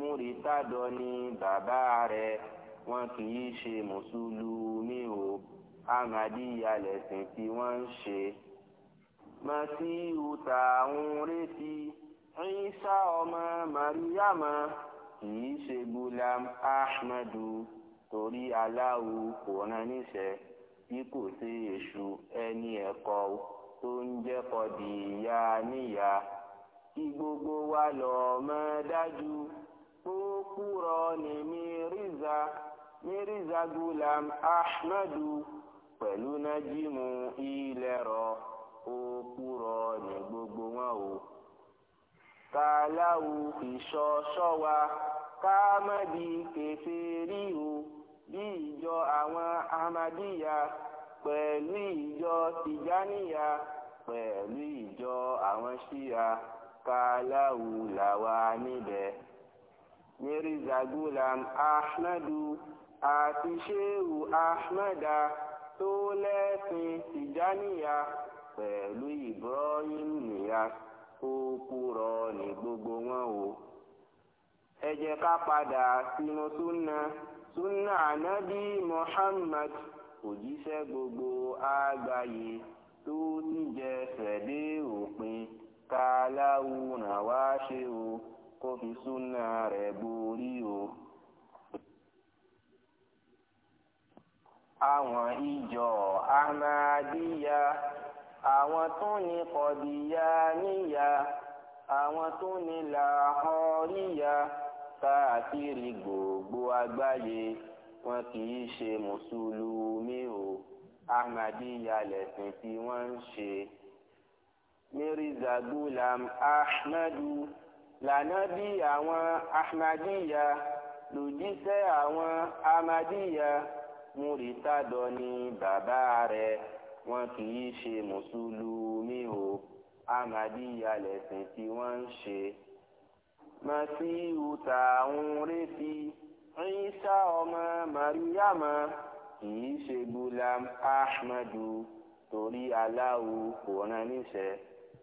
múrítàdọ ni bàbá rẹ̀ wọn kì í ṣe mùsùlùmí o ahmadiyya lẹ̀sìn tí wọ́n ń ṣe. masiu tá ń retí Ìsá ọmọ mariama kì í ṣe gulam ahmadu torí aláwo kò rán níṣẹ́ bí kò sí èṣù ẹni ẹ̀kọ́ tó ń jẹ́kọ̀ọ́ di ìyá níyà kí gbogbo wa lọ́ọ́ mọ̀ dájú òpùrọ́ ni mírízà mírízà gulam ahmadu pẹ̀lú nájímù ilẹ̀rọ òpùrọ́ ni gbogbo wọn o kàláwù ìṣọṣọ wa kámẹ́bí kẹfẹ́rí o bí ìjọ àwọn ahmadiyya pẹ̀lú ìjọ tìjáníyà pẹ̀lú ìjọ àwọn ṣíya kàláwù làwa níbẹ̀ mirza gulam ahmadu àti sheu ahmada tó lẹ́sìn tìjáníyà pẹ̀lú ibrahim niyas ó kúrọ ní gbogbo wọn o ẹ ká padà sínú súnà súnà ànábì muhammad òjíṣẹ́ gbogbo àgbáyé tó ti jẹ́ fẹ̀dé òpin ká láwùrán wá ṣe o kó fi súnà rẹ̀ borí o. àwọn ìjọ ahmadiyya àwọn tó ní kọ̀díyà níyà àwọn tó ní làhọ́ríyà káàkiri gbogbo àgbáyé wọn kì í ṣe mùsùlùmí o ahmadiyya lẹ̀sìn tí wọ́n ń ṣe. mirza gulam ahmadu lànà bí àwọn ahmadiyya lòjíṣẹ́ àwọn ahmadiyya múritádọ ni bàbá rẹ̀ wọn kì í ṣe mùsùlùmí o ahmadiyya lẹ̀sìn tí wọ́n ń ṣe. masiu tààrùn retí Ìsá ọmọ mariama kì í ṣe gulam ahmadu torí aláwo kò rán níṣẹ́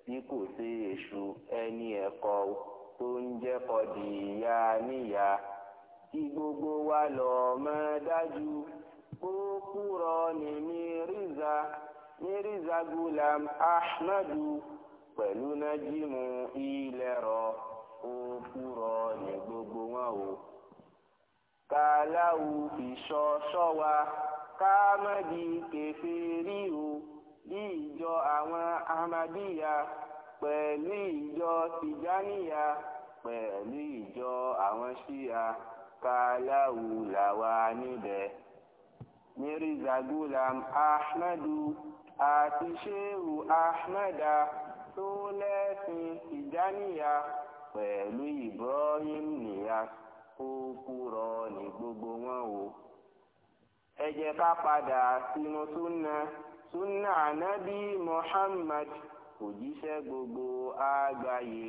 bí kò sí èṣù ẹni ẹ̀kọ́ o. tó ń jẹ́ kọ̀dìyà níyà kí gbogbo wa lọ mọ̀ dájú kó kúrọ̀ ní mírízà mírízà gulam ahmadu pẹ̀lú nájímù ilẹ̀rọ kó kúrọ̀ ní gbogbo wọn o. kàláwù ìṣọṣọ wa ká má di kèfèrí o bí ìjọ àwọn pẹ̀lú ìjọ tìjáníyà pẹ̀lú ìjọ àwọn ṣíya kàláwù làwà níbẹ̀. mirza gulam ahmadu àti shehu ahmada tó lẹ́sìn tìjáníyà pẹ̀lú ibrahim niyas kó kúrọ ní gbogbo wọn o. ẹ jẹ́ ká padà sínú súnà súnà ànábì muhammad. òjíṣẹ́ gbogbo àgbáyé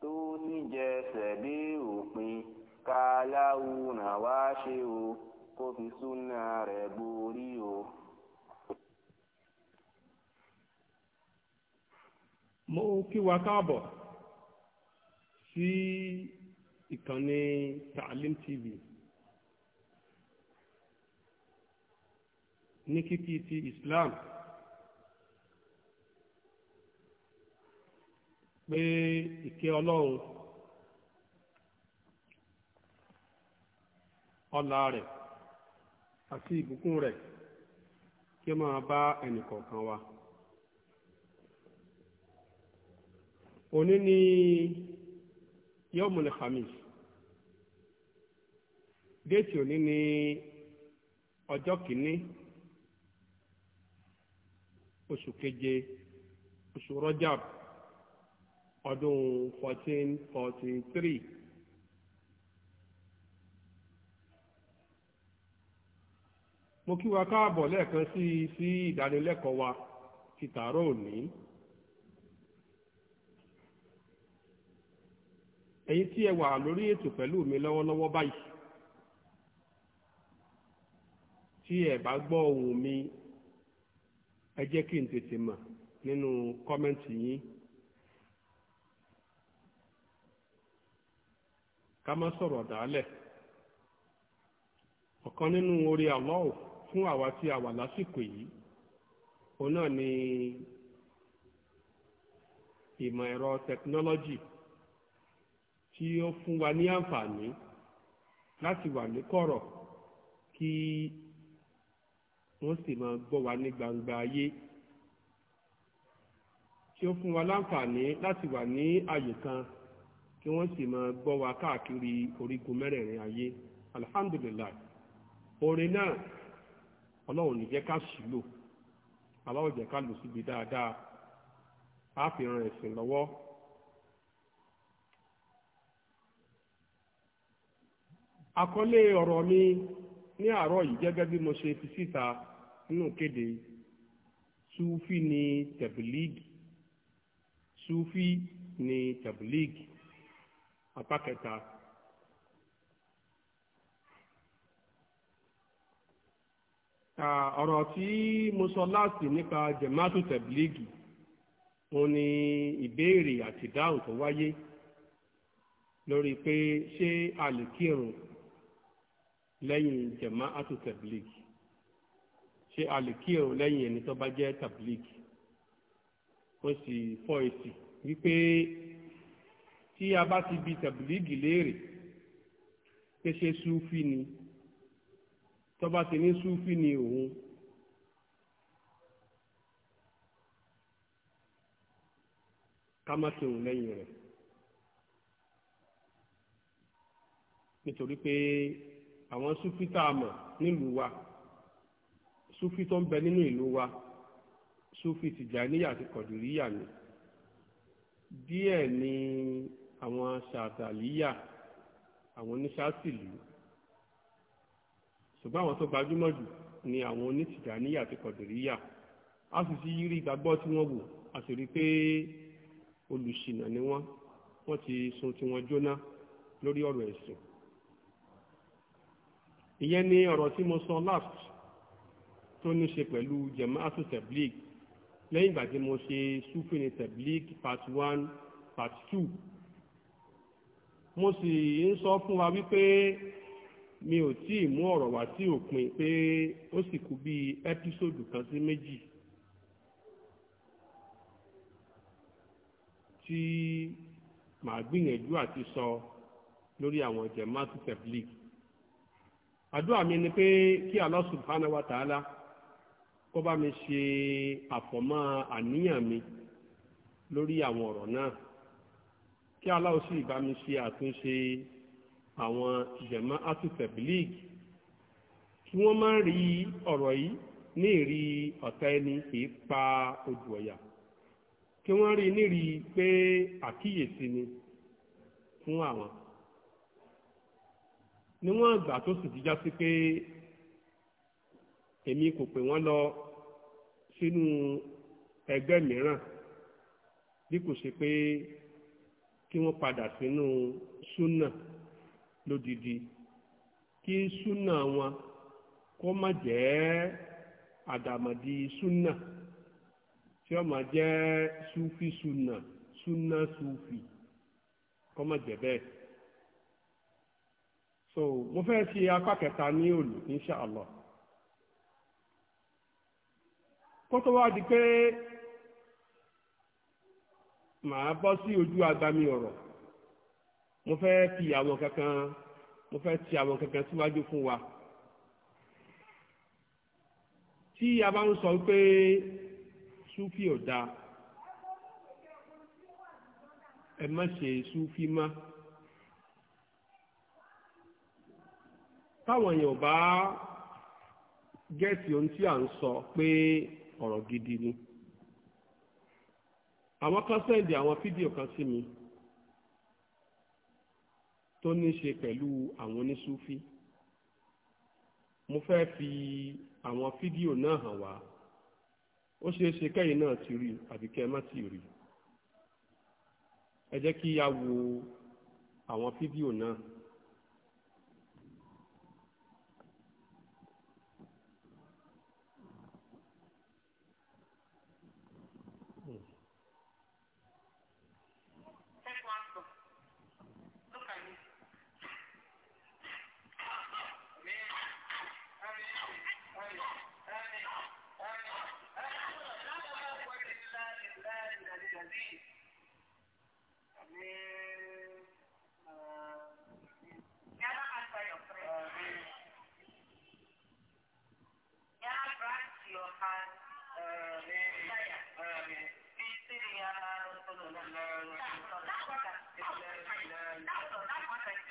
tó níjẹsẹ̀ dé òpin káláwù náà wá ṣe o kó fi súnà rẹ̀ borí o. mo kí wa káàbọ̀ sí ìkànnì Taalim TV ní kíkí ti Islam. pé ìkẹ́ ọlọ́run ọlá rẹ̀ àti ìbùkún rẹ̀ kí ó máa bá ẹnìkọ̀ọ̀kan wa. òní ni yọ́mùlẹ̀ khamis déètì òní ni ọjọ́ kìíní oṣù keje oṣù rọ́jàbù ọdún 1443. mo kí wa káàbọ̀ lẹ́ẹ̀kan sí sí ìdánilẹ́kọ̀ọ́ wa ti tàárọ̀ òní. ẹ̀yìn tí ẹ wà lórí ètò pẹ̀lú mi lọ́wọ́lọ́wọ́ báyìí tí ẹ bá gbọ́ ohùn mi ẹ jẹ́ kí n tètè mọ̀ nínú kọ́mẹ́ǹtì yín. ká má sọ̀rọ̀ dálẹ̀ ọ̀kan nínú orí Allah fún àwa tí a wà lásìkò yìí òun náà ni ìmọ̀ ẹ̀rọ tẹkinọ́lọ́jì tí ó fún wa ní àǹfààní láti wà ní kọ̀rọ̀ kí wọ́n sì máa gbọ́ wa ní gbangba ayé tí ó fún wa láǹfààní láti wà ní àyè kan kí wọ́n sì máa gbọ́ wa káàkiri orígun mẹ́rẹ̀ẹ̀rin ayé alhamdulillah orin náà ọlọ́run ní jẹ́ ká sì lò aláwọ̀ jẹ́ ká lò síbi dáadáa á fi ran ẹ̀sìn lọ́wọ́. àkọlé ọ̀rọ̀ mi ní àárọ̀ yìí gẹ́gẹ́ bí mo ṣe fi síta nínú kéde sufi ni tabiligi sufi ni tabiligi apá kẹta ọ̀rọ̀ tí mo sọ láti nípa jẹ̀mátù tẹ̀blígì òun ni ìbéèrè àti ìdáhùn tó wáyé lórí pé ṣé a lè kírun lẹ́yìn jẹ̀mátù tẹ̀blígì ṣé a lè kírun lẹ́yìn ẹni tó bá jẹ́ tẹ̀blígì ó sì fọ́ èsì wípé tí a bá ti bi tẹ̀bílíìgì léèrè pé súfì ni tó bá ti ní súfì ni òun ká má ṣe òun lẹ́yìn rẹ̀ nítorí pé àwọn súfì tá a mọ̀ nílùú wa súfì tó ń bẹ nínú ìlú wa súfì tìjàníyà àti kọ̀dùríyà ni díẹ̀ ni àwọn ṣàtàlíyà àwọn oníṣàtìlú ṣùgbọ́n àwọn tó gbajúmọ̀ jù ni àwọn onítìjàníyà àti kọ̀dìríyà a sì ti rí ìgbàgbọ́ tí wọ́n wò a sì rí pé olùṣìnà ni wọ́n wọ́n ti sun tí wọ́n jóná lórí ọ̀rọ̀ ẹ̀sìn ìyẹn ni ọ̀rọ̀ tí mo sọ last tó ní ṣe pẹ̀lú jemaatu tablig lẹ́yìn ìgbà tí mo ṣe sufini tablig part one part two mo sì ń sọ fún wa wípé mi ò tí ì mú ọ̀rọ̀ wá sí òpin pé ó sì kú bí ẹ́písòdù kan sí méjì tí màá gbìyànjú àti sọ lórí àwọn jẹ̀mátì tẹ̀blík. àdúrà mi ni pé kí Allah subhanahu wa kó bá mi ṣe àfọ̀mọ́ àníyàn mi lórí àwọn ọ̀rọ̀ náà kí aláwo sì bá mi ṣe àtúnṣe àwọn jẹ̀mọ́ atutẹ̀bílíìg kí wọ́n má rí ọ̀rọ̀ yìí ní ìrí ọ̀tá ẹni kì í pa ojú ọ̀yà kí wọ́n rí nírí pé àkíyèsí ni fún àwọn níwọ̀n àgbà tó sì ti já sí pé èmi kò pè wọ́n lọ sínú ẹgbẹ́ mìíràn bí kò ṣe pé kí wọ́n padà sínú súnà lódìdí kí súnà wọn kọ́ má jẹ́ àdàmọ̀dì súnà tí wọ́n má jẹ́ súfì súnà súnà súfì kọ́ má jẹ́ bẹ́ẹ̀. so mo fẹ́ ṣe apá kẹta ní òlù insha Allah kó wá di pé. màá bọ́ sí ojú agbami ọ̀rọ̀ mo fẹ́ fi àwọn kankan mo fẹ́ ti àwọn kankan síwájú fún wa tí a bá ń sọ pé súfì ò dáa ẹ má ṣe súfì má. táwọn èèyàn bá gẹ̀ẹ́sì ohun tí à ń sọ pé ọ̀rọ̀ gidi ni àwọn kan sẹ́ndì àwọn fídíò kan sí mi tó ní ṣe pẹ̀lú àwọn oníṣúfí mo fẹ́ fi àwọn fídíò náà hàn wá ó ṣeé ṣe kẹ́yìn náà ti rí àbí kẹ́ má ti rí ẹ jẹ́ kí a wo àwọn fídíò náà.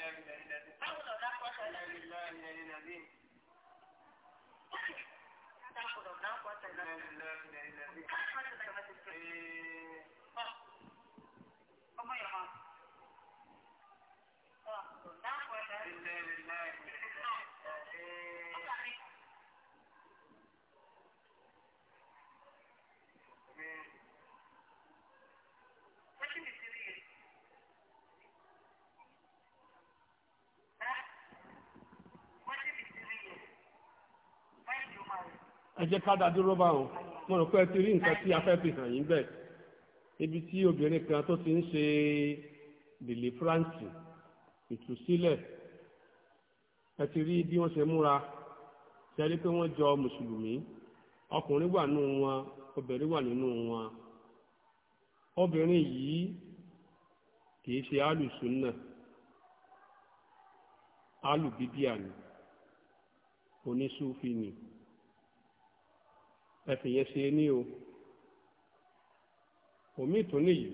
Thank you. jẹ́ ká dá dúró bá wọn mo rò pé ẹ ti rí nǹkan tí a fẹ́ fi hàn yín bẹ́ẹ̀ ibi tí obìnrin kan tó ti ń ṣe deliverance ìtúsílẹ̀ ẹ ti rí bí wọ́n ṣe múra ṣe rí pé wọ́n jọ mùsùlùmí ọkùnrin wà nínú wọn obìnrin wà nínú wọn obìnrin yìí kìí ṣe alùsùnà alùbíbíà ni oníṣúfì ni. Alu ẹ fìyẹn ṣe ní o òmíì tó nìyí.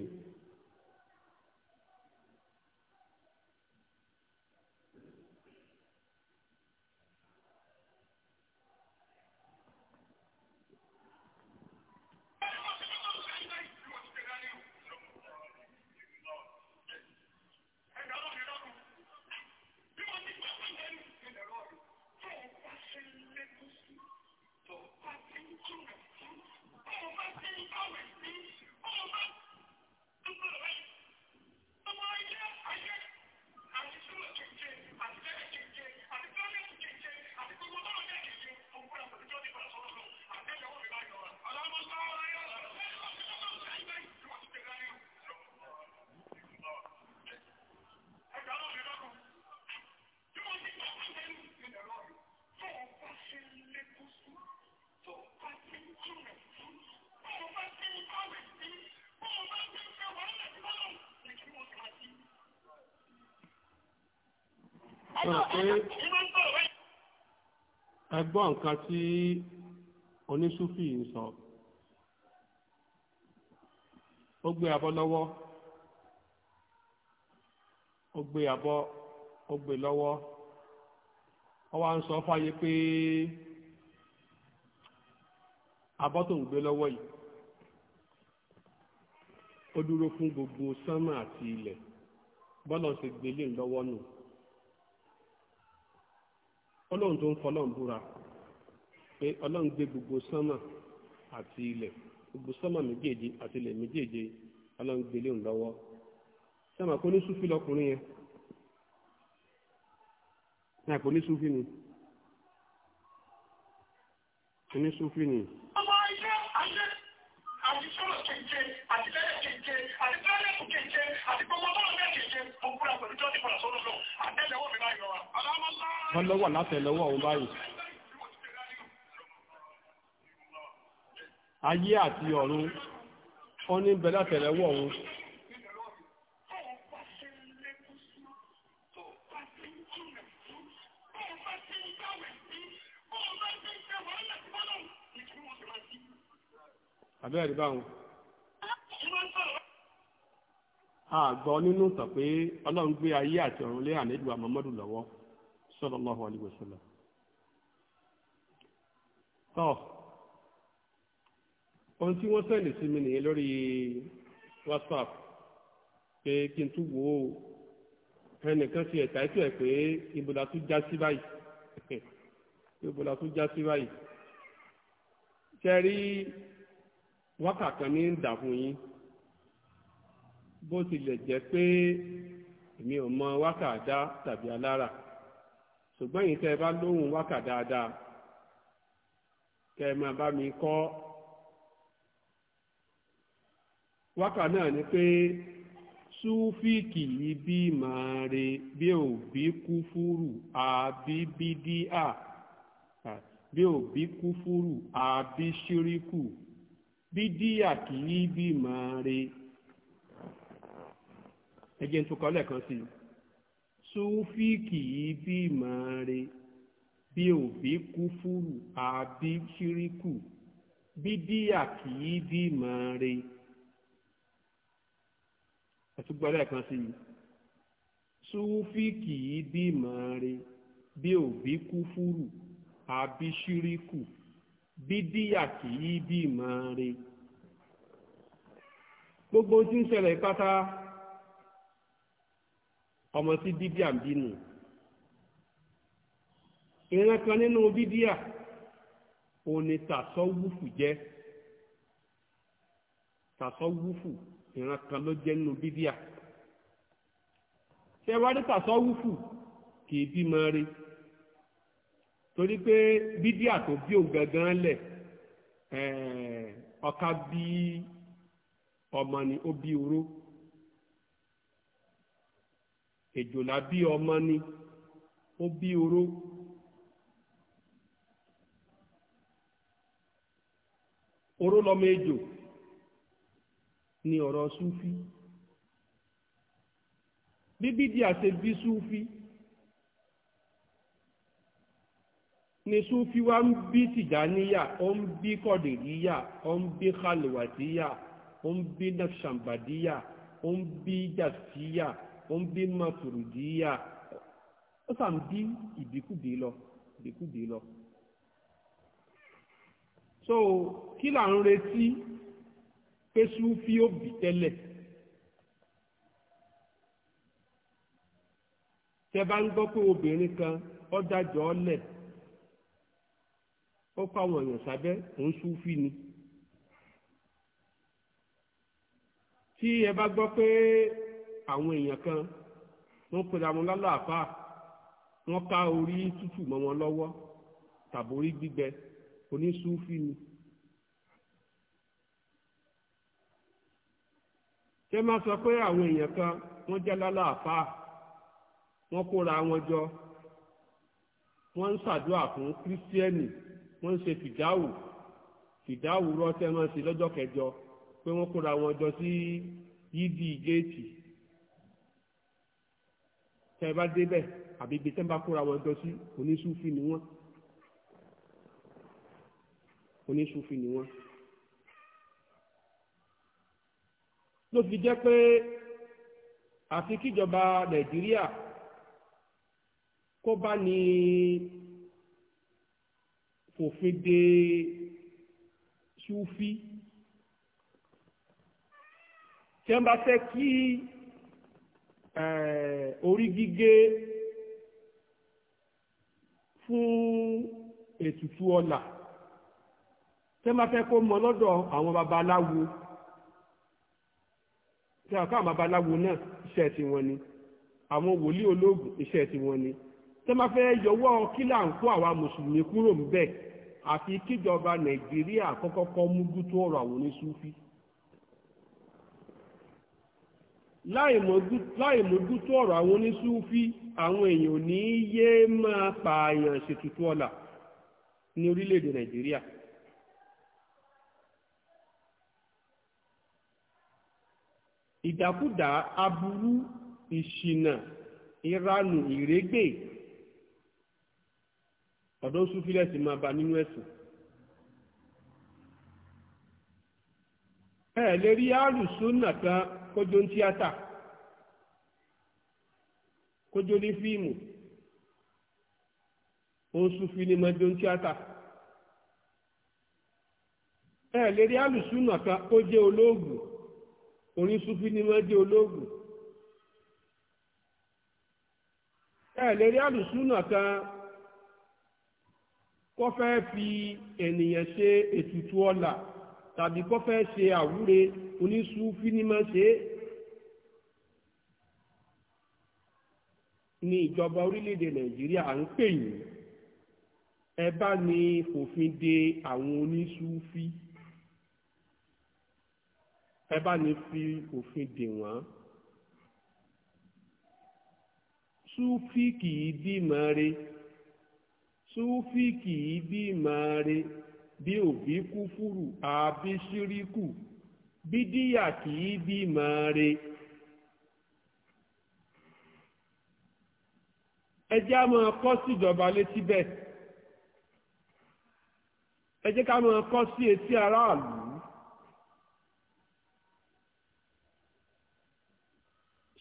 ẹ gbọ́ nǹkan tí oníṣúfì ń sọ ó gbé abọ́ lọ́wọ́ ó gbé abọ́ ó gbé lọ́wọ́ ó wá ń sọ fáyé pé abọ́ tó ń gbé lọ́wọ́ yìí ó dúró fún gbogbo sánmà àti ilẹ̀ bọ́lọ̀ ṣe gbélé lọ́wọ́ nù ọlọ́run tó ń fọlọ́run búra pé ọlọ́run gbé gbogbo sánmà àti ilẹ̀ gbogbo sánmà méjèèje àti ilẹ̀ méjèèje ọlọ́run gbé léun lọ́wọ́ sánmà kó ní súfì lọkùnrin yẹn náà kó ní súfì ni kó ní súfì ni. wọ́n lọ́wọ́ látẹ̀lọ́wọ́ òun báyìí ayé àti ọ̀run wọn ní bẹ látẹ̀lọ́wọ́ òun àbẹ́ẹ̀rí báwọn nínú pé sallallahu alaihi wasallam tọ́ ohun tí wọ́n sẹ́ndì sí mi nìyẹn lórí whatsapp pé kí n tún wò ó ẹnìkan fi ẹ̀ka ètò ẹ̀ pé ìbòlá tún já sí báyìí ìbòlá tún já sí báyìí ṣe rí wákàtí ní ń fún yín bó tilẹ̀ jẹ́ pé èmi ò mọ wákàdá tàbí alára ṣùgbọ́n yìí tẹ́ ẹ bá lóhùn wákà dáadáa kẹ́ ẹ máa bá mi kọ́ wákà náà ni pé súfíìkì yìí bí màá re bí ò bí kúfúrù àbí bídíà bí ò bí kúfúrù àbí ṣíríkù bídíà kì í bí màá re ẹ jẹ́ n tún kọ́ lẹ́ẹ̀kan sí i súfì kì mare bí màá re bí òbí kúfúrù àbí ṣíríkù bídíà kì í bí màá re ẹtúgbọ́ lẹ́ẹ̀kan sí i súfì kì í bí màá re gbogbo tí ń ṣẹlẹ̀ pátá ọmọ sí bídíà ń bínú ìran kan nínú bídíà òní tàṣọ́wúfù jẹ́ tàṣọ́wúfù ìran kan ló jẹ́ nínú bídíà ṣé wá rí tàṣọ́wúfù kì í bímọ rí torí pé bídíà tó bí òun gangan lẹ̀ ọ̀ka bí ọmọ ni ó bí oró èjòlá bí ọmọ ni ó bí oró oró lọmọ ejò ni ọ̀rọ̀ súfí bíbí díà ṣe bí súfí ni súfí wa ń bí tìjáníyà ó ń bí kọ̀dìríyà ó ń bí khalwàdíyà ó ń bí nàṣàmbàdíyà ó ń bí jàsíyà ó ń bí màtùrùdíyà ó sà ń bí ìbíkúbí lọ ìbíkúbí lọ. so kí là ń retí pé súfí ó bì tẹ́lẹ̀ tẹ bá ń gbọ́ pé obìnrin kan ó dájọ́ ọ́lẹ̀ ó kọ́ àwọn èèyàn sábẹ́ òun súfí ni. tí ẹ bá gbọ́ pé àwọn èèyàn kan wọ́n pera wọn lálàáfáà wọ́n ká orí tútù mọ́ wọn lọ́wọ́ tàbórí gbígbẹ onísúfì ni. ṣé máa sọ pé àwọn èèyàn kan wọ́n jẹ́ lálàáfáà wọ́n kóra wọn jọ wọ́n ń ṣàdúrà fún kírísítíẹ́nì wọ́n ń ṣe fìdáwù fìdáwù rọ́ṣẹ́ wọn ṣe lọ́jọ́ kẹjọ pé wọ́n kóra wọn jọ sí yídì géètì tẹ́ ẹ bá débẹ̀ àbí ibi tẹ́ ń bá kóra wọn jọ sí oníṣúfì ni wọ́n oníṣúfì ni wọ́n. ló fi jẹ́ pé àfi kíjọba nàìjíríà kó bá ní fòfin de ṣúfì tí wọ́n bá fẹ́ kí. Eh, orí gígé fún ètùtù ọlà tẹ́ máa fẹ́ kó mọ lọ́dọ̀ àwọn babaláwo tí àwọn káwọn babaláwo náà iṣẹ́ ti wọn ni àwọn wòlíì olóògùn iṣẹ́ ti wọn ni tẹ́ máa fẹ́ yọwọ́ kílà ń kó àwa mùsùlùmí kúrò ń bẹ̀ àfi kíjọba nàìjíríà kọ́kọ́ kọ́ múgú tó ọ̀rọ̀ àwọn oníṣúfì. láìmójútó ọ̀rọ̀ àwọn oníṣúfí àwọn èèyàn ní yé máa pààyàn ṣètùtù ọ̀la ní orílẹ̀-èdè nàìjíríà ìdàkúdà aburú ìṣìnà ìranù ìrégbè ọ̀dọ́ súfílẹ̀ máa ba nínú ẹ̀sìn ẹ̀ lè rí àrùsọ́nà kan kójó ń tíátà kójó ní fíìmù oṣù fìlímọjó ń tíátà ẹ lè rí alùsùnà kan kó jẹ olóògùn orin sufi ni wọn jẹ olóògùn ẹ lè rí alùsùnà kan kó fẹ́ fi ènìyàn ṣe ètùtù ọlà tàbí kó fẹ́ ṣe àwúre oníṣúfí ní máa ṣe é ní ìjọba orílẹ̀-èdè nàìjíríà à ń pè yín ẹ bá ní fòfin de àwọn oníṣúfí ẹ bá ní fi òfin dè wọ́n súfí kì í bí màre súfí kì í bí màre bí òbí kúfúrù àbí ṣíríkù bídíyà kì í bímọ re. ẹ jẹ́ á máa kọ́ sí ìjọba létí bẹ́ẹ̀ ẹ jẹ́ ká máa kọ́ sí etí aráàlú.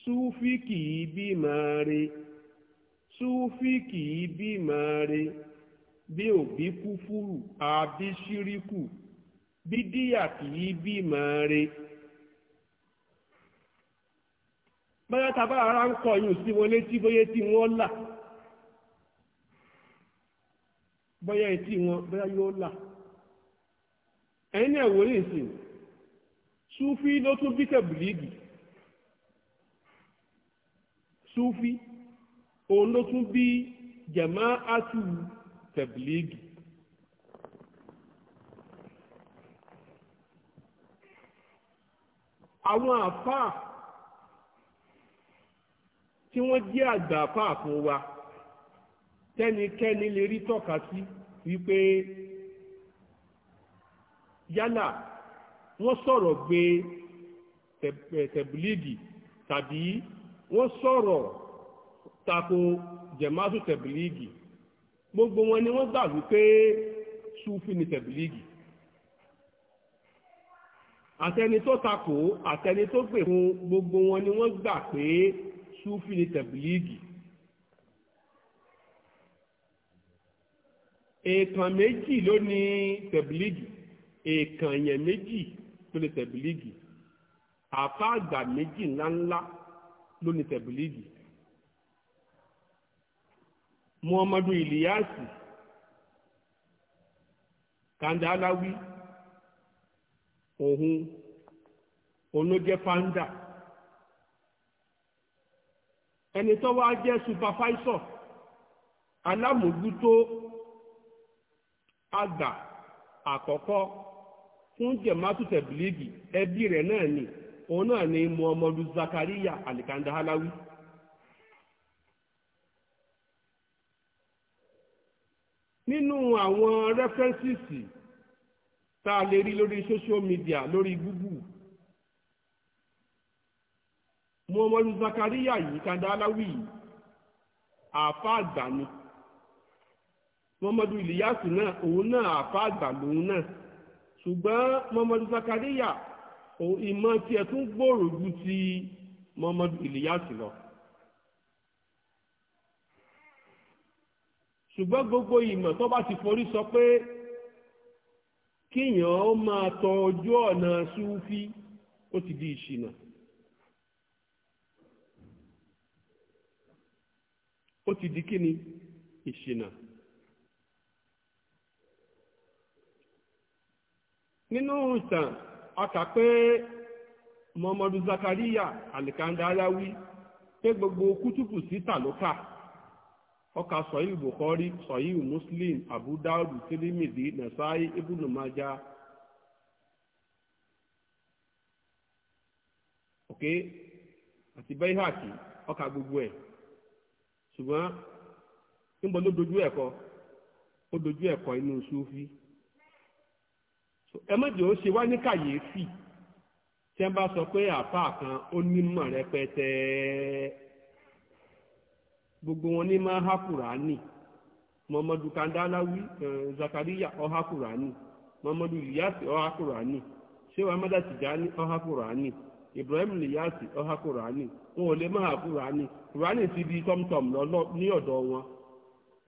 Súfí kì í bímọ re. Súfí kì í bímọ re bí òbí kúfúrù àbí ṣíríkù bí díyà kì í bí màá re. bóyá tàbá ara ń kọ yùn sí wọn létí bóyá tí wọ́n là bóyá etí wọn bóyá yóò là ẹ̀yin náà wò ní súfí ló tún bí tẹ̀bùlíìgì súfí òun ló tún bí jẹ̀má átùwù tẹ̀blígì àwọn àfáà tí wọ́n jẹ́ àgbà àfáà fún wa tẹ́nikẹ́ni lè rí tọ́ka sí wípé yálà wọ́n sọ̀rọ̀ gbé tẹ̀blígì tàbí wọ́n sọ̀rọ̀ tako jẹ̀másù tẹ̀blígì gbogbo wọn ni wọ́n gbà wípé sufi ni tẹ̀bílíìgì àtẹni tó takò àtẹni tó gbè fún gbogbo wọn ni wọ́n gbà pé sufi ni tẹ̀bílíìgì èèkàn méjì ló ní tẹ̀bílíìgì èèkàn yẹn méjì ló ní tẹ̀bílíìgì àfa méjì ńláńlá ló ní tẹ̀bílíìgì muhammadu iliyasi kandalawi ohun olójẹ panda ẹni tó wá jẹ supervisor alámòójútó àgbà àkọ́kọ́ fún jẹ̀mátù tẹ̀bílíìgì ẹbí rẹ̀ náà ni òun náà ni muhammadu zakariya alikandahalawi. nínú àwọn rẹ́fẹ́rẹ́nsìsì tá a lè rí lórí social media lórí Google muhammadu zakariya yìí kanda aláwì àfa àgbà ni muhammadu iliyasu náà òun náà àfa àgbà lòun náà ṣùgbọ́n muhammadu zakariya ìmọ̀ tiẹ̀ tún gbòòrò ju ti muhammadu iliyasu lọ. ṣùgbọ́n gbogbo ìmọ̀ tó bá ti forí sọ pé kíyàn ó máa tọ ojú ọ̀nà súfí ó ti di ìṣìnà ó ti di kíni ìṣìnà nínú ìtàn ọkà pé Muhammadu Zakariya alikandalawi pé gbogbo kútùkù síta ló kà ọka sọ̀yìn bụkọrị sọ̀yìn muslim abu dawud tirimidi na ibnu maja ok àti bayhaki ọkà gbogbo ẹ̀ ṣùgbọ́n níbo ló dojú ẹ̀kọ́ ó dojú ẹ̀kọ́ inú sufi ẹ mọ̀jẹ̀ ó ṣe wá ní kàyéfì tí wọ́n bá sọ pé àáfàá kan ó ní gbogbo wọn ní máa há kùránì muhammadu kandalawi eh, zakariya ọha kùránì muhammadu liyasi ọha ọ hapụrụ amada tijani ọha kùránì ibrahim liyasi ọha kùránì wọn ò lè máa há kùránì kùránì ti di tọ́mtọ́m lọ́lọ́ ní ọ̀dọ̀ wọn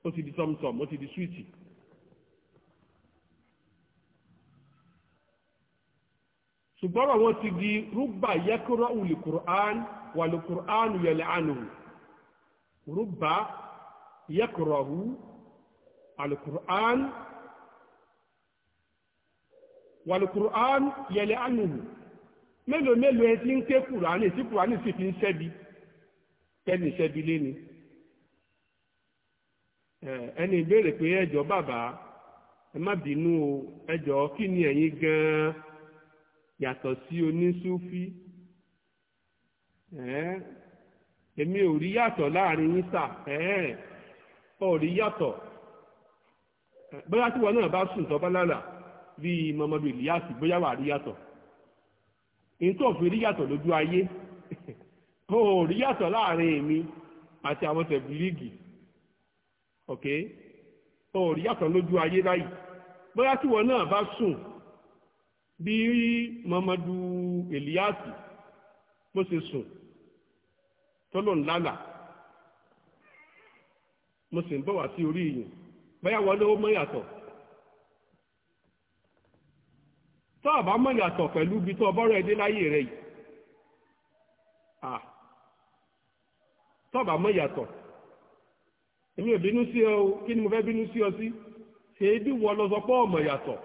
ó ti di tọ́mtọ́m ó ti di súwìtì. ṣùgbọ́n àwọn ti di rúgbà òlì wàlú yẹlẹ́ rúbà yẹ́kùrọ̀hù alukur'an wàlùkùr'an yẹlẹ anuhu mélòó mélòó ẹ ti ń ké kùránì tí kùránì sì fi ń ṣẹ́bi kẹ́ni ṣẹ́bi lé ni ẹni ìbéèrè pé ẹjọ́ bàbá ẹ má bínú o ẹjọ́ kí ni ẹ̀yin gan-an yàtọ̀ sí onísúfí èmi ò rí yàtọ̀ láàrin yín sà ẹ̀ẹ́n ò rí yàtọ̀ bóyá tíwọ náà bá sùn tọ́ bá lálà bíi Muhammadu Ilyas bóyá wà rí yàtọ̀ nítorí òfin rí yàtọ̀ lójú ayé ò rí yàtọ̀ láàrin èmi àti àwọn tẹ̀bílíìgì ok ò rí yàtọ̀ lójú ayé láyìí bóyá tíwọ náà bá sùn bí Muhammadu Ilyas bó ṣe sùn. tó lòun lálà mo sì ń bọ̀ wá sí orí ìyìn bóyá wọlé ó yàtọ̀ yàtọ̀ pẹ̀lú ibi tó o bọ́rọ̀ ẹdí láyé yìí yàtọ̀ èmi ò bínú sí ọ kí ni mo fẹ́ bínú sí ọ sí ṣe é bí wọ lọ sọ pé ọmọ yàtọ̀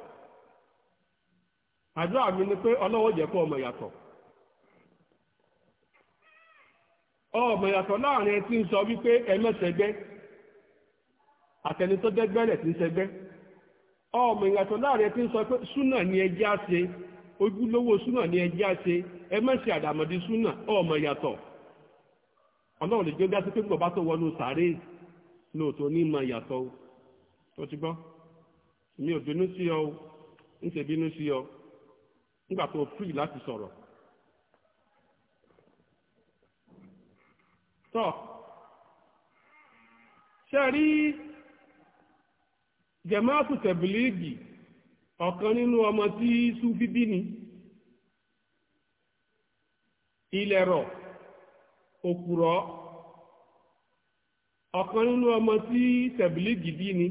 àdúrà mi ni pé ọlọ́wọ́ ọmọ ìyàtọ̀ láàrin tí ń sọ wípé ẹmẹ́sẹ̀gbẹ́ àtẹni tó dẹ́gbẹ́lẹ̀ tí ń sẹgbẹ́ ọmọ ìyàtọ̀ láàrin tí ń sọ pé súnà ni ẹjẹ́ àṣe ojúlówó súnà ni ẹjẹ́ àṣe ẹmẹ́sẹ̀ súnà ọlọ́run lè jẹ́ pé tó wọnú sàárè lóòótọ́ ní mọ ìyàtọ̀ tó ti tọ́ ṣe rí jẹ̀máàtù tẹ̀bìlìgì ọ̀kan nínú ọmọ tí súfí bí ni ilẹ̀rọ̀ òkùrọ̀ ọ̀kan nínú ọmọ tí tẹ̀bìlìgì bí ni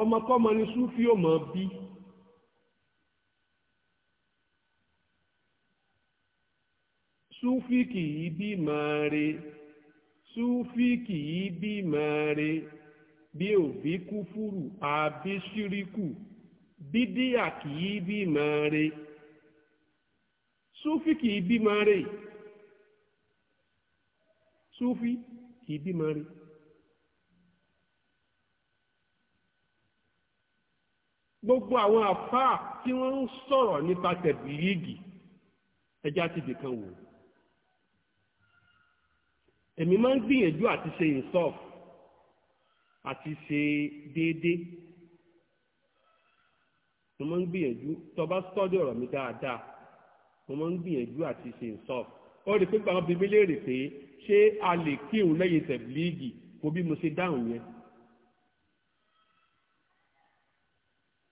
ọmọkọ́mọ ni súfí ò mọ̀ bí. súfì kì í bímọ re súfì kì í bímọ re bí òbí kúfúrù àbí ṣíríkù bídíà kì í bímọ re súfì kì í bímọ re súfì kì í bímọ re. gbogbo àwọn àfáà tí wọ́n ń sọ̀rọ̀ nípa tẹ̀bílíìgì ẹja ti dìkan wò ó èmi máa ń gbìyànjú àti ṣe insaf àti ṣe déédéé mo máa ń gbìyànjú tó bá stọ́dí ọ̀rọ̀ mi dáadáa mo máa ń gbìyànjú àti ṣe insaf ó rí i pé gbàgbọ́n bíi mi léèrè pé ṣé a lè kírun lẹ́yìn tẹ̀blíìgì kò bí mo ṣe dáhùn yẹn.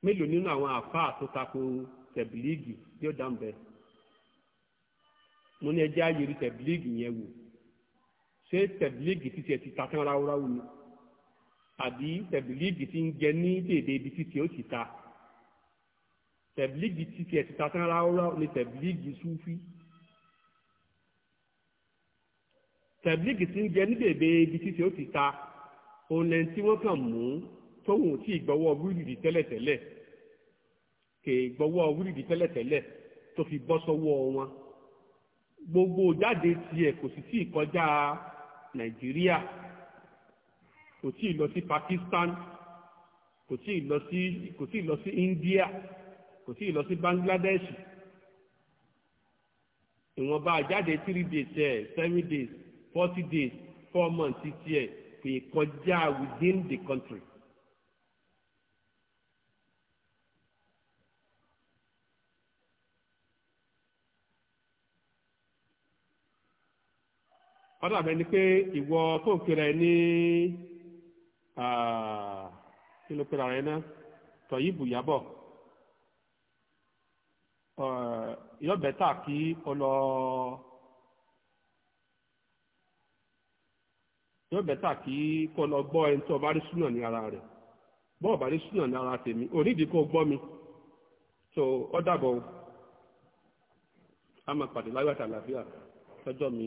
mélòó nínú àwọn àfáà tó tako tẹ̀blíìgì yóò dáhùn bẹ́ẹ̀ mo ní ẹjẹ́ ayé rí tẹ̀blíìgì yẹn wò ṣé tẹ̀bílíìgì ti tiẹ̀ ti ta tán ráúráú ni àbí tẹ̀bílíìgì ti ń jẹ ní dèdè ibi títí ó ti ta tẹ̀bílíìgì ti tiẹ̀ ti ta tán ráúráú ni tẹ̀bílíìgì súfí tẹ̀bílíìgì ti ń jẹ ní dèdè ibi títí ó ti ta òun lẹ́ni tí wọ́n kàn mú tóun ò tí ì gbọ́wọ́ wíìlì tẹ́lẹ̀tẹ́lẹ̀ kè gbọ́wọ́ wíìlì tẹ́lẹ̀tẹ́lẹ̀ tó fi bọ́ sọ́wọ́ wọn gbogbo jáde tiẹ̀ kò sì tí ì kọjá nàìjíríà kò tí ì lọ sí pakistan kò tí ì lọ sí india kò tí ì lọ sí bangladesh ìwọ̀nba àjáde three days ẹ̀ eh, seven days forty days four months ti tiẹ̀ kò kọjá within the country. ọdún àbẹ ni pé ìwọ tó ń pera ẹ ní kí ló pera rẹ náà tọ̀yìbù yábọ̀ a kí ọ lọ yọ̀bẹ̀tà kí kọ lọ gbọ́ ẹni tó bá rí súnà ní ara rẹ̀ bọ́ọ̀ bá rí súnà ní ara tèmi onídìí kò mi so ọ dàbọ̀ a pàdé mi.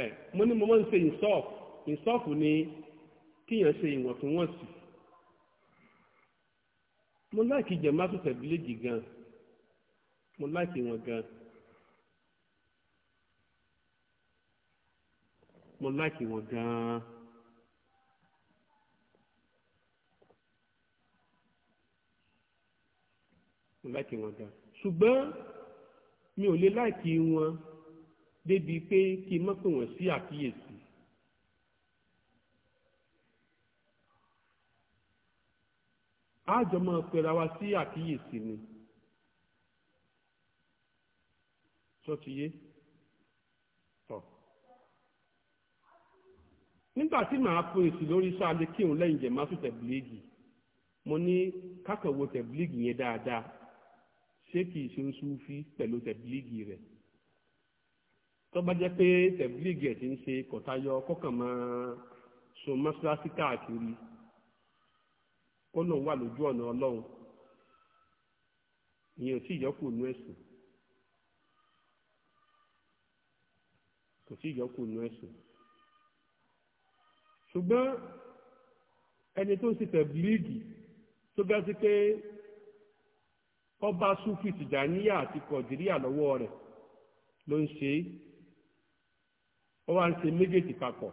ẹ̀ mo ní mo máa ń ṣe ìsọ́ọ̀fù ìsọ́ọ̀fù ni kíyàn ṣe ìwọ̀ntúnwọ̀nsì mo láìkí jẹ̀mátù tẹ̀bílẹ̀jì gan mo láìkí wọn gan mo láìkí wọn gan. mo láìkí wọn gan ṣùgbọ́n mi ò lè láìkí wọn débi pé kí n mọ́ pè wọ́n sí àkíyèsí. àjọ máa pera wa sí àkíyèsí ni. sọ́tìyé tọ̀. nígbà tí màá po èsì lórí sáàlì kírun lẹ́yìn jẹ̀ máa tún tẹ̀bílíìgì mo ní kákọ̀wò tẹ̀bílíìgì yẹn dáadáa ṣé kìí ṣe ń súnfí pẹ̀lú tẹ̀bílíìgì rẹ̀. tó bá jẹ́ pé tẹ̀bílíìgì ẹ̀ ṣe kọ̀tayọ kọ́kàn máa so mọ́ṣáláṣí káàkiri kó lóun wà lójú ọ̀nà ọlọ́run ìyẹn ò tí ì yọkù nú ẹ̀sìn kò tí ì yọkù ṣùgbọ́n ẹni pé ọba sufi tìjàníyà àti kọ̀dìríà lọ́wọ́ rẹ̀ ló ń ó wá ń ṣe méjèèjì papọ̀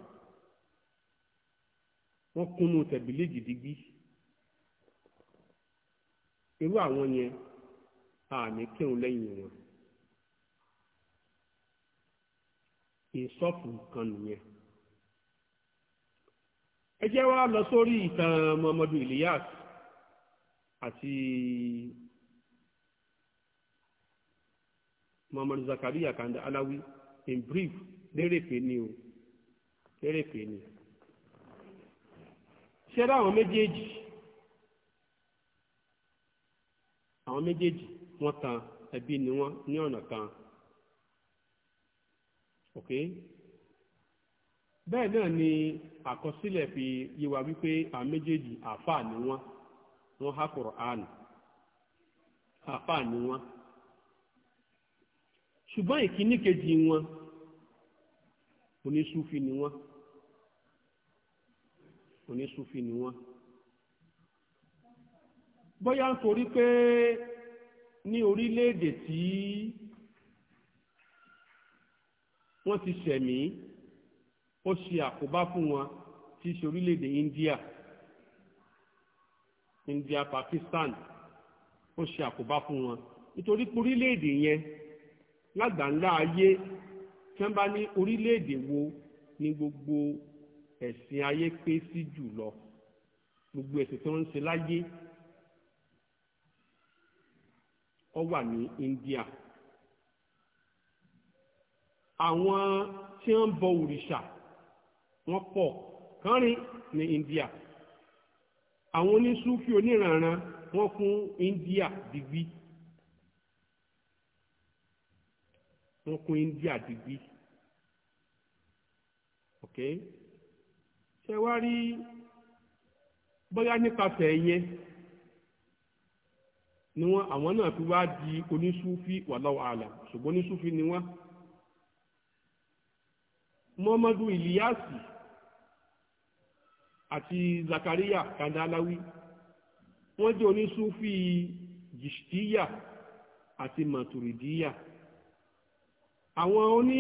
wọ́n kúnnú tẹ̀bílíìgì dígbí irú àwọn yẹn àmì kírun lẹ́yìn wọn ìsọ́fù kan nìyẹn ẹ jẹ́ wá lọ sórí ìtàn Muhammadu Ilyas àti Muhammadu Zakaria Kanda Alawi in brief lérèfé ni o lérèfé ni ṣé láwọn méjèèjì àwọn méjèèjì wọ́n tan ẹbí ni wọ́n ní ọ̀nà kan ok bẹ́ẹ̀ náà ni àkọsílẹ̀ fi yé wa wípé àwọn méjèèjì àáfàá ni wọ́n wọ́n há Kùránì Àfa ni wọ́n ṣùgbọ́n ìkíní kejì wọn. onísúfì ni wọ́n onísúfì ni wọ́n bóyá nítorí pé ní orílẹ̀-èdè tí wọ́n ti ṣẹ̀mí ó ṣe àkóbá fún wọn tí ṣe orílẹ̀-èdè India India Pakistan ó ṣe àkóbá fún wọn nítorí pé orílẹ̀-èdè yẹn lágbàńlá ayé tí wọ́n bá ní orílẹ̀-èdè wo ni gbogbo ẹ̀sìn ayé pé sí jù lọ gbogbo ẹ̀sìn tí ń ṣe láyé ó wà ní India àwọn tí wọ́n ń bọ òrìṣà wọ́n pọ̀ kánrin ní India àwọn oníṣúfì oníranran wọ́n fún India dìgbì. wọ́n kún India digbí ok ṣe wá rí bóyá nípasẹ̀ ẹ̀yẹ ni wọ́n àwọn náà fi wá di onísúfí wallahu alam ṣùgbọ́n onísúfí ni wọ́n Muhammadu Iliyasi àti Zakaria Kandalawi wọ́n jẹ́ onísúfí jìṣtíyà àti màtùrìdíyà àwọn oní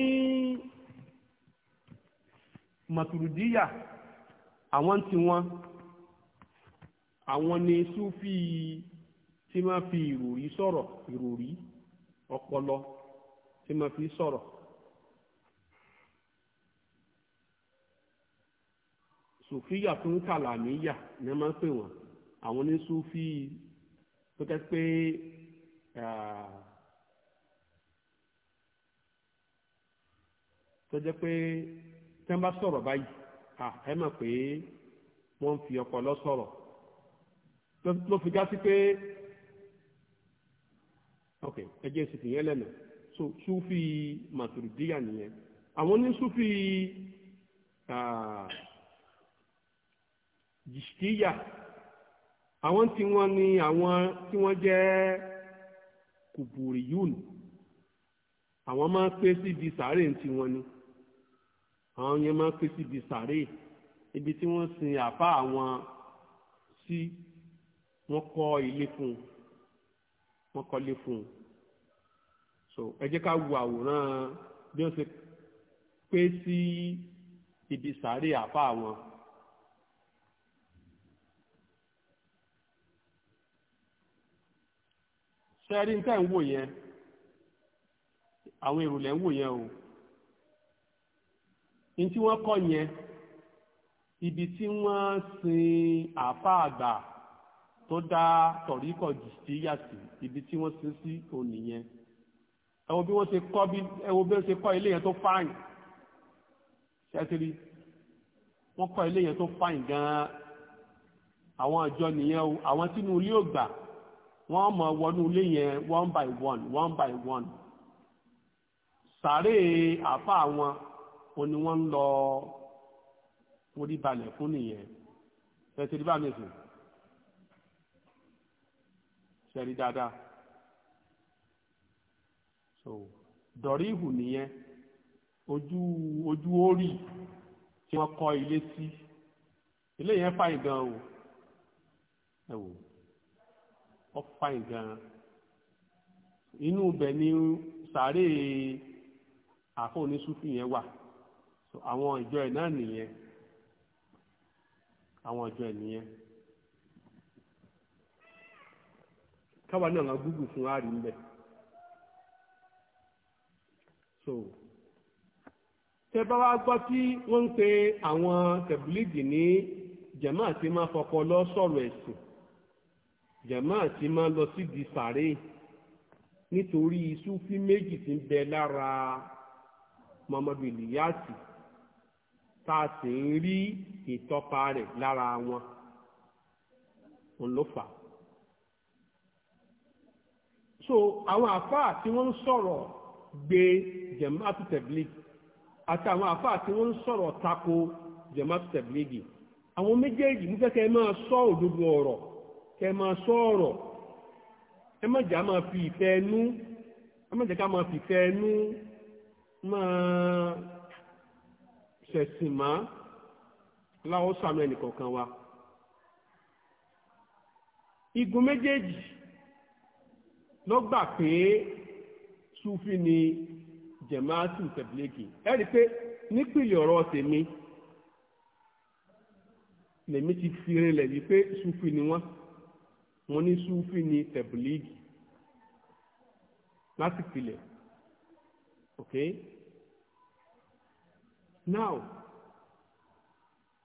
màtùrùdíyà àwọn tí wọn àwọn ni súfì tí máa fi ìròrí sọ̀rọ̀ ìròrí ọpọlọ tí máa fi sọ̀rọ̀ sùfíyà fún kàlàmíyà ni wọ́n máa ń pè wọ́n àwọn ní súfì tó kẹ́ pé. Uh, tó jẹ́ pé tí wọ́n bá sọ̀rọ̀ báyìí à ẹ mọ̀ pé wọ́n ń fi ọpọlọ sọ̀rọ̀ ló fi já pé ok ẹ jẹ́ èsì tìyẹn so sufi maturidiya nìyẹn àwọn ní sufi jìṣkíyà àwọn tí wọ́n ní àwọn tí wọ́n jẹ́ kùbùrìyún àwọn máa ń pé síbi sàárè ń tiwọn ni àwọn yẹn máa ń pè sí ibi sàárè ibi tí wọ́n sin àbá àwọn sí wọ́n kọ́ ilé fún un wọ́n kọ́ ilé fún un so ẹ jẹ́ ká wo àwòrán bí wọ́n ṣe pé sí ibi sàárè àbá àwọn. sẹ́rí ń tẹ̀ ń wò yẹn àwọn èrò lẹ́ ń wò yẹn o ní tí wọ́n kọ́ yẹn ibi tí wọ́n sin àáfàá àgbà tó dá tọ̀ríkọ̀ jù sí yàtì ibi tí wọ́n sin sí òní yẹn ẹ wo bí wọ́n ṣe kọ́ bí ẹ wo bí wọ́n ṣe kọ́ ilé yẹn tó fáyìn ṣẹ́tìrì wọ́n kọ́ ilé yẹn tó fáyìn gan àwọn àjọ nìyẹn o àwọn sínú ilé ò gbà wọ́n wọnú ilé yẹn one by one one by one sàárè àáfàá wọn o ni wọ́n ń lọ orí balẹ̀ fún nìyẹn ẹ̀sìn rí bá mi sùn ṣẹ̀rí dáadáa so dọ̀rí ìhù nìyẹn ojú ojú orí tí wọ́n kọ́ ilé sí ilé yẹn fàyè gan o ẹ wò ó fàyè gan inú ibẹ̀ ni sàárè àfọ̀ oníṣúfì yẹn wà àwọn ìjọ ẹ̀ náà nìyẹn àwọn ìjọ ẹ̀ nìyẹn káwa náà la gúgù fún ààrí ń bẹ̀ so tẹ bá wá gbọ́ tí wọ́n ń pe àwọn tẹ̀bílìgì ní jẹ̀mọ́ àti máa fọkọ lọ sọ̀rọ̀ ẹ̀sìn jẹ̀mọ́ àti máa lọ sídìí sàárè nítorí súfí méjì tí ń bẹ lára Muhammadu Iliyati tá a sì ń rí ìtọ́pa rẹ̀ lára wọn òun so àwọn àfáà tí wọ́n ń sọ̀rọ̀ gbé jẹ̀mátù tẹ̀blígì àti àwọn àfáà tí wọ́n ń sọ̀rọ̀ tako jẹ̀mátù tẹ̀blígì àwọn méjèèjì mú fẹ́ kẹ́ ẹ máa sọ òdodo ọ̀rọ̀ kẹ́ máa sọ ọ̀rọ̀ ẹ má jà máa fi ìfẹ́ ẹnu ẹ má jà ká máa fi ìfẹ́ ẹnu máa ṣẹ̀sìn mọ́ láwọ́ sàmì ẹnìkọ̀ọ̀kan wa igun méjèèjì ló gbà pé sufi ni jẹ̀máàtù tẹ̀bílẹ́gì ẹ rí i pé nípìnlẹ̀ ọ̀rọ̀ tèmi lèmi ti fi rinlẹ̀ wípé sufi ni wọ́n mo ní sufi ni tẹ̀bílẹ́gì láti pilẹ̀ okay now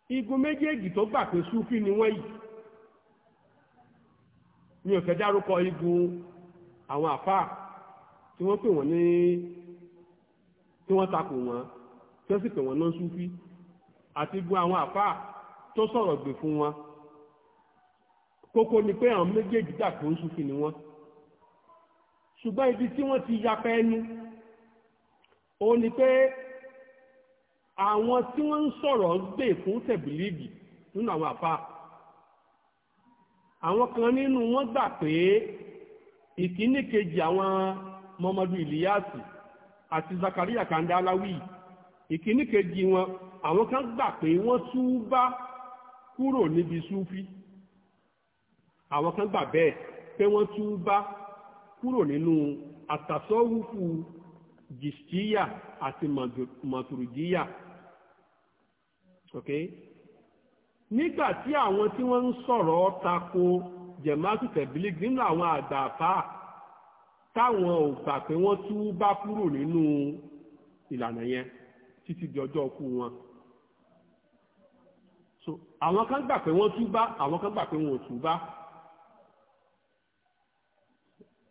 igun méjèèjì tó gbà pé súfì ni wọ́n yìí mi ò fẹ́ dárúkọ igun àwọn àfáà tí wọ́n pè wọ́n ní tí wọ́n takò wọ́n tí wọ́n sì pè wọ́n náà súfì àti igun àwọn àfáà tó sọ̀rọ̀ gbè fún wọn kókó ni pé àwọn méjèèjì gbà pé súfì ni wọ́n ṣùgbọ́n ibi tí wọ́n ti yapa ẹnu òun ni pé àwọn tí wọ́n ń sọ̀rọ̀ gbè fún tẹ̀bílíìgì nínú àwọn àfa àwọn kan nínú wọn gbà pé ìkíní kejì àwọn mọmọdù ìlíyàsì àti Zakaria Kandalawi ìkíní kejì wọn àwọn kan gbà pé wọ́n túbá kúrò níbi súfí àwọn kan gbà bẹ́ẹ̀ pé wọ́n túbá kúrò nínú àtàsọ́wúfù jìṣíyà àti mọ̀tùrùjíyà ok nígbà tí àwọn tí wọ́n ń sọ̀rọ̀ tako jẹ̀mátù tẹ̀bílík nínú àwọn àgbààfà táwọn ò gbà pé wọ́n tú bá kúrò nínú ìlànà yẹn títí di ọjọ́ ọkú wọn so àwọn kan gbà pé wọ́n tú bá àwọn kan gbà pé wọn ò tú bá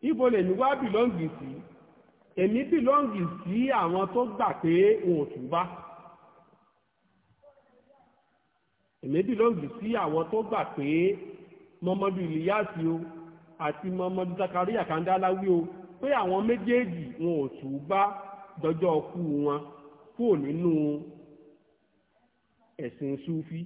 ibo lè ní wá bìlọ́ǹgì sí èmi bìlọ́ǹgì sí àwọn tó gbà pé wọn ò tú bá. èmébì lòdì sí àwọn tó gbà pé mọ́mọ́dù ìlíyàsí o àti mọ́mọ́dù zakaria kandaláwí o pé àwọn méjèèjì wọn ò tù ú bá dọjọ́ ọkú wọn kúrò nínú ẹ̀sìn súfí.